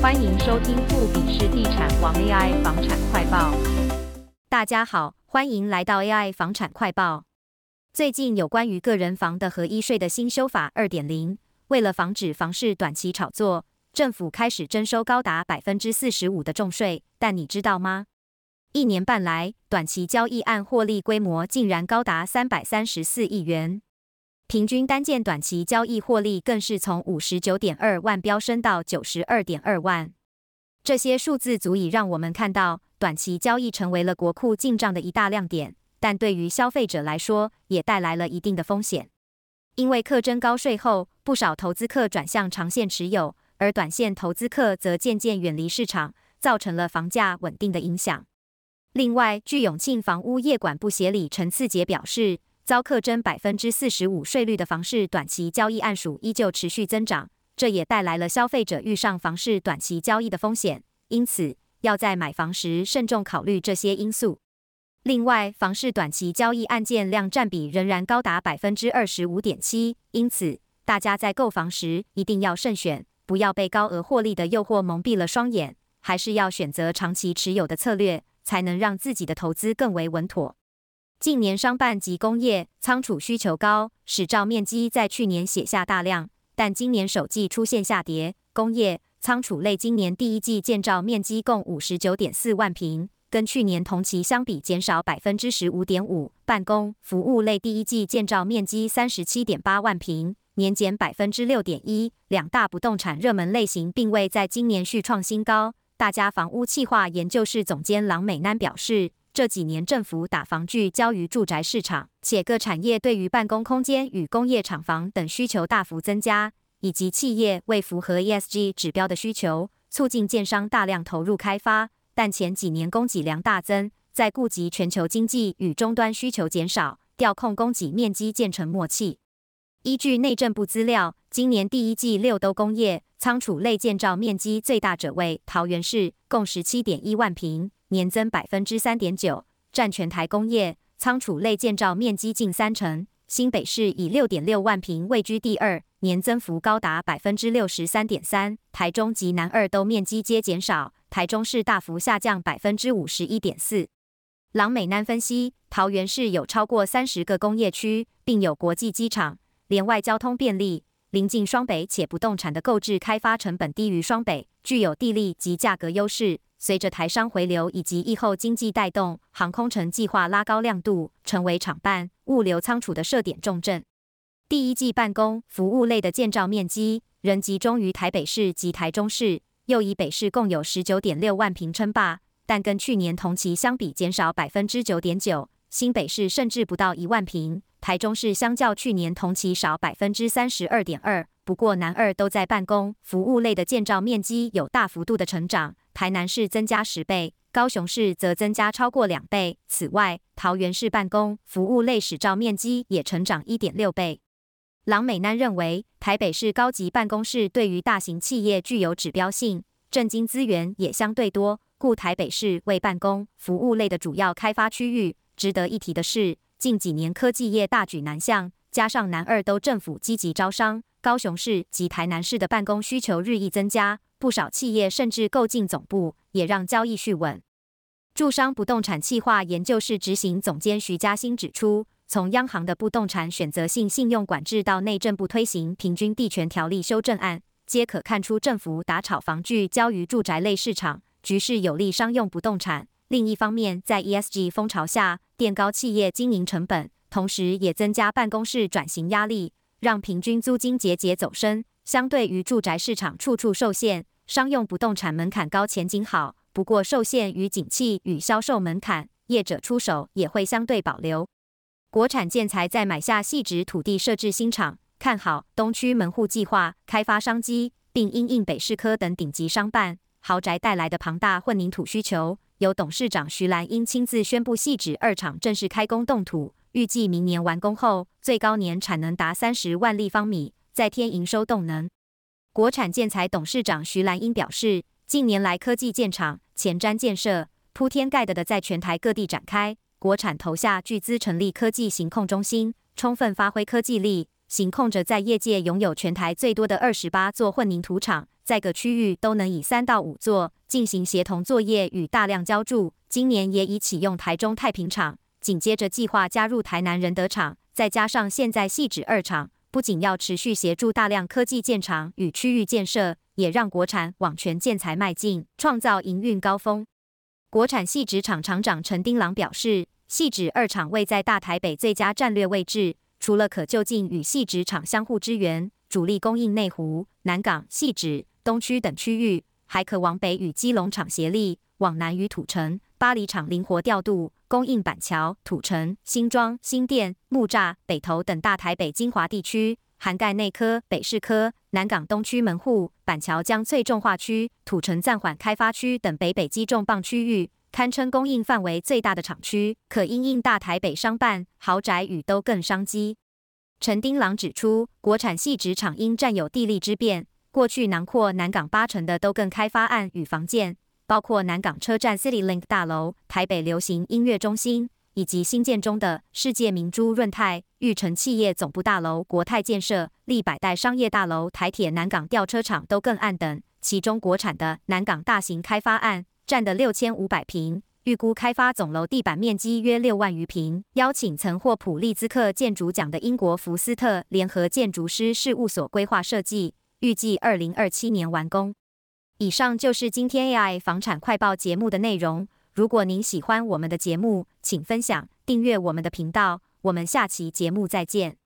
歡迎收聽富比士地產王 AI 房產快報。大家好，歡迎來到 AI 房產快報。最近有關於個人房地合一稅的新修法二點零，為了防止房市短期炒作，政府開始徵收高達百分之四十五的重稅。但你知道嗎？一年半來，短期交易案獲利規模竟然高達三百三十四億元。平均單件短期交易獲利更是從五十九點二萬飆升到九十二點二萬，這些數字足以讓我們看到短期交易成為了國庫進賬的一大亮點。但對於消費者來說，也帶來了一定的風險，因為課徵高稅後，不少投資客轉向長線持有，而短線投資客則漸漸遠離市場，造成了房價穩定的影響。另外，據永慶房屋業管部協理陳賜杰表示。遭課徵百分之四十五稅率的房市短期交易案數依舊持續增長，這也帶來了消費者遇上房市短期交易的風險，因此要在買房時慎重考慮這些因素。另外，房市短期交易案件量占比仍然高達百分之二十五點七，因此大家在購房時一定要慎選，不要被高額獲利的誘惑蒙蔽了雙眼，還是要選擇長期持有的策略，才能讓自己的投資更為穩妥。近年商辦及工業倉儲需求高，使照面積在去年寫下大量，但今年首季出現下跌。工業倉儲類今年第一季建造面積共五十九點四萬平，跟去年同期相比減少百分之十五點五。辦公服務類第一季建造面積三十七點八萬平，年減百分之六點一。兩大不動產熱門類型並未在今年續創新高。大家房屋企劃研究室總監郎美南表示。這幾年政府打房聚焦於住宅市場，且各產業對於辦公空間與工業廠房等需求大幅增加，以及企業為符合 ESG 指標的需求，促進建商大量投入開發。但前幾年供給量大增，在顧及全球經濟與終端需求減少，調控供給面積漸成默契。依據內政部資料，今年第一季六都工業倉儲類建造面積最大者為桃園市，共十七點一萬坪。年增百分之三點九，占全台工業倉儲類建造面積近三成。新北市以六點六萬平位居第二，年增幅高達百分之六十三點三。台中及南二都面積皆減少，台中市大幅下降百分之五十一點四。郎美南分析，桃園市有超過三十個工業區，並有國際機場，聯外交通便利。臨近雙北且不動產的購置開發成本低於雙北，具有地利及價格優勢。隨着台商回流以及疫後經濟帶動，航空城計劃拉高亮度，成為廠辦、物流倉儲的設點重鎮。第一季辦公服務類的建造面積仍集中於台北市及台中市，又以北市共有十九點六萬平稱霸，但跟去年同期相比減少百分之九點九，新北市甚至不到一萬平。台中市相較去年同期少百分之三十二點二，不過南二都在辦公服務類的建造面積有大幅度的成長，台南市增加十倍，高雄市則增加超過兩倍。此外，桃園市辦公服務類使照面積也成長一點六倍。郎美南認為，台北市高級辦公室對於大型企業具有指標性，政經資源也相對多，故台北市為辦公服務類的主要開發區域。值得一提的是。近幾年科技業大舉南向，加上南二都政府積極招商，高雄市及台南市的辦公需求日益增加，不少企業甚至購進總部，也讓交易續穩。住商不動產企劃研究室執行總監徐佳馨指出，從央行的不動產選擇性信用管制到內政部推行平均地權條例修正案，皆可看出政府打炒房聚焦於住宅類市場，局勢有利商用不動產。.另一方面，在 ESG 風潮下，墊高企業經營成本，同時也增加辦公室轉型壓力，讓平均租金節節走升。相對於住宅市場處處受限，商用不動產門檻高，前景好。不過受限於景氣與銷售門檻，業者出手也會相對保留。國產建材在買下汐止土地設置新廠，看好東區門戶計劃開發商機，並因應，應北市科等頂級商辦豪宅帶來的龐大混凝土需求。由董事長徐蘭英親自宣布，汐止二廠正式開工動土，預計明年完工後，最高年產能達三十萬立方米，再添營收動能。國產建材董事長徐蘭英表示，近年來科技建廠、前瞻建設鋪天蓋地的在全台各地展開，國產投下巨資成立科技行控中心，充分發揮科技力。行控着在業界擁有全台最多的二十八座混凝土廠，在各區域都能以三到五座進行協同作業與大量澆築。今年也已啟用台中太平廠，緊接着計劃加入台南仁德廠，再加上現在汐止二廠，不僅要持續協助大量科技建廠與區域建設，也讓國產往全建材邁進，創造營運高峰。國產汐止廠廠長陳丁郎表示，汐止二廠位在大台北最佳戰略位置。除了可就近與汐止廠相互支援，主力供應內湖、南港、汐止、東區等區域，還可往北與基隆廠協力，往南與土城、八里廠靈活調度，供應板橋、土城、新莊、新店、木柵、北投等大台北精華地區，涵蓋內科、北市科、南港東區門戶、板橋江翠重劃區、土城暫緩開發區等北北基重磅區域。堪稱供應範圍最大的廠區，可因應大台北商辦、豪宅與都更商機。陳丁朗指出，國產系職場因占有地利之便，過去囊括南港八成的都更開發案與房建，包括南港車站 City Link 大樓、台北流行音樂中心，以及新建中的世界明珠潤泰、裕城企業總部大樓、國泰建設、立百代商業大樓、台鐵南港調車場都更案等，其中國產的南港大型開發案，佔的六千五百平，預估開發總樓地板面積約六萬餘平，邀請曾獲普利茲克建築獎的英國福斯特聯合建築師事務所規劃設計，預計二零二七年完工。以上就是今天 AI 房產快報節目的內容。如果您喜歡我們的節目，請分享、訂閱我們的頻道。我們下期節目再見。